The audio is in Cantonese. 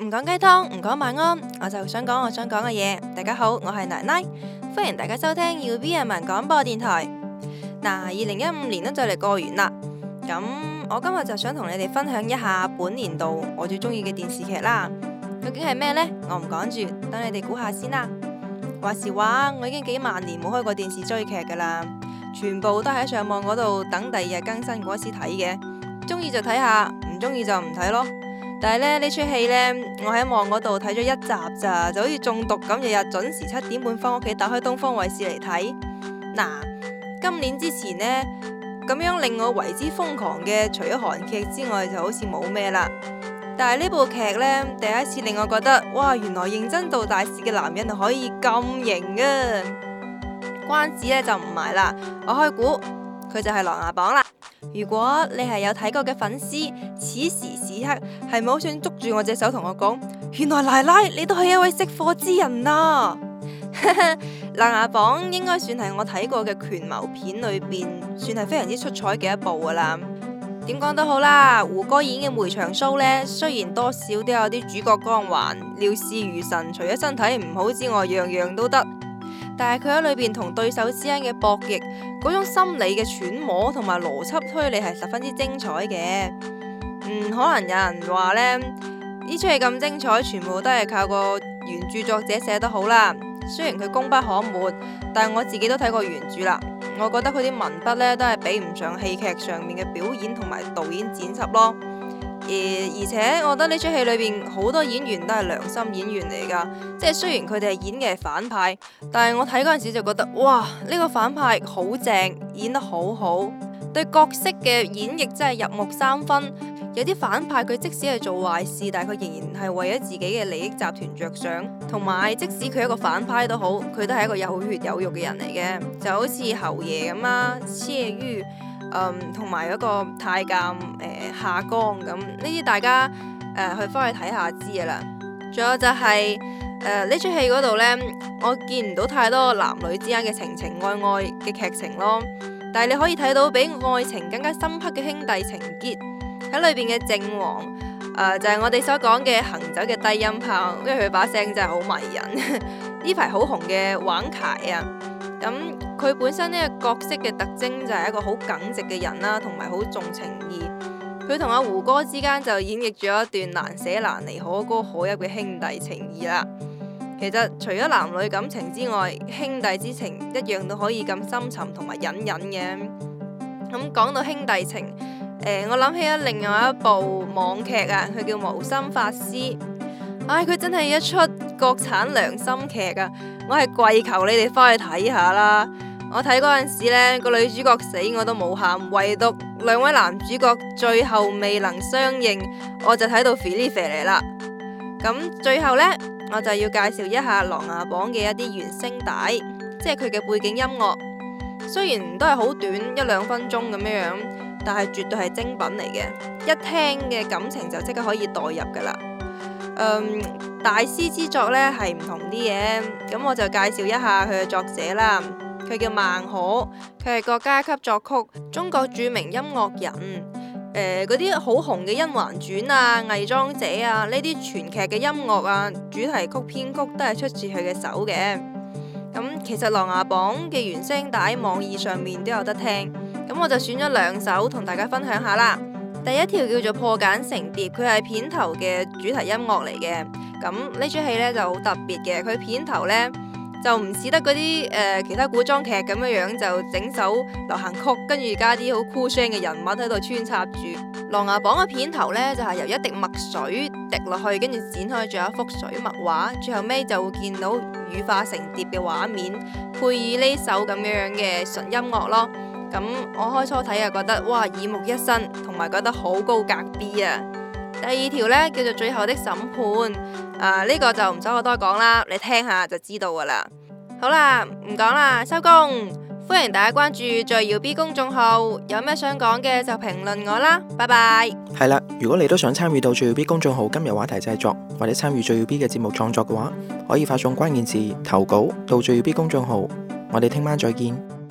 唔講雞湯，唔講晚安，我就想講我想講嘅嘢。大家好，我係奶奶，歡迎大家收聽 YB 人民廣播電台。嗱、啊，二零一五年都就嚟過完啦，咁我今日就想同你哋分享一下本年度我最中意嘅電視劇啦。究竟係咩呢？我唔講住，等你哋估下先啦。話時話，我已經幾萬年冇開過電視追劇噶啦，全部都喺上網嗰度等第二日更新嗰時睇嘅，中意就睇下，唔中意就唔睇咯。但係咧呢出戲呢，我喺芒果度睇咗一集咋，就好似中毒咁，日日準時七點半返屋企打開東方衛視嚟睇嗱，今年之前呢，咁樣令我為之瘋狂嘅，除咗韓劇之外，就好似冇咩啦。但係呢部劇呢，第一次令我覺得，哇，原來認真做大事嘅男人可以咁型啊！關子呢就唔埋啦，我開估佢就係《琅琊榜》啦。如果你係有睇過嘅粉絲，此時此刻係咪好想捉住我隻手同我講，原來奶奶你都係一位識貨之人啊！《琅琊榜》應該算係我睇過嘅權謀片裏邊，算係非常之出彩嘅一部啦。點講都好啦，胡歌演嘅梅長蘇呢，雖然多少都有啲主角光環，料事如神，除咗身體唔好之外，樣樣都得。但係佢喺裏邊同對手之間嘅博弈，嗰種心理嘅揣摩同埋邏輯推理係十分之精彩嘅。嗯，可能有人話呢，呢出戲咁精彩，全部都係靠個原著作者寫得好啦。雖然佢功不可沒，但係我自己都睇過原著啦，我覺得佢啲文筆呢，都係比唔上戲劇上面嘅表演同埋導演剪輯咯。而而且，我覺得呢出戲裏邊好多演員都係良心演員嚟噶，即係雖然佢哋係演嘅係反派，但係我睇嗰陣時就覺得哇，呢個反派好正，演得好好，對角色嘅演繹真係入木三分。有啲反派佢即使係做壞事，但係佢仍然係為咗自己嘅利益集團着想，同埋即使佢一個反派都好，佢都係一個有血有肉嘅人嚟嘅，就好似侯爺咁啦，薛於。嗯，同埋嗰個太監誒夏江咁，呢、呃、啲大家誒、呃、去翻去睇下知噶啦。仲有就係誒呢出戲嗰度呢，我見唔到太多男女之間嘅情情愛愛嘅劇情咯。但係你可以睇到比愛情更加深刻嘅兄弟情結喺裏邊嘅靖王誒、呃，就係、是、我哋所講嘅行走嘅低音炮，因為佢把聲真係好迷人。呢排好紅嘅王凱啊！咁佢、嗯、本身呢個角色嘅特徵就係一個好耿直嘅人啦，同埋好重情義。佢同阿胡歌之間就演繹咗一段難捨難離、可歌可泣嘅兄弟情義啦。其實除咗男女感情之外，兄弟之情一樣都可以咁深沉同埋隱隱嘅。咁、嗯、講到兄弟情，誒、呃、我諗起咗另外一部網劇啊，佢叫《無心法師》。唉、哎，佢真係一出。國產良心劇啊！我係跪求你哋翻去睇下啦！我睇嗰陣時呢個女主角死我都冇喊，唯獨兩位男主角最後未能相認，我就睇到肥 e e 嚟啦。咁最後呢，我就要介紹一下《琅琊榜》嘅一啲原聲帶，即係佢嘅背景音樂。雖然都係好短一兩分鐘咁樣樣，但係絕對係精品嚟嘅，一聽嘅感情就即刻可以代入噶啦。嗯。大師之作呢係唔同啲嘅，咁我就介紹一下佢嘅作者啦。佢叫孟可，佢係國家級作曲，中國著名音樂人。誒、呃，嗰啲好紅嘅《甄嬛傳》啊、啊《偽裝者》啊呢啲全劇嘅音樂啊、主題曲編曲都係出自佢嘅手嘅。咁其實《琅琊榜》嘅原聲帶喺網易上面都有得聽。咁我就選咗兩首同大家分享下啦。第一條叫做《破繭成蝶》，佢係片頭嘅主題音樂嚟嘅。咁呢出戲呢就好特別嘅，佢片頭呢就唔似得嗰啲誒其他古裝劇咁樣樣，就整首流行曲，跟住加啲好 cool 嘅人物喺度穿插住《琅琊榜》嘅片頭呢，就係、是、由一滴墨水滴落去，跟住展開咗一幅水墨畫，最後尾就會見到羽化成蝶嘅畫面，配以呢首咁樣樣嘅純音樂咯。咁、嗯、我開初睇啊，覺得哇耳目一新，同埋覺得好高格啲啊！第二條咧，叫做最後的審判啊，呢個就唔使我多講啦，你聽下就知道噶啦。好啦，唔講啦，收工。歡迎大家關注最耀 B 公眾號，有咩想講嘅就評論我啦。拜拜。係啦，如果你都想參與到最耀 B 公眾號今日話題製作，或者參與最耀 B 嘅節目創作嘅話，可以發送關鍵字投稿到最耀 B 公眾號。我哋聽晚再見。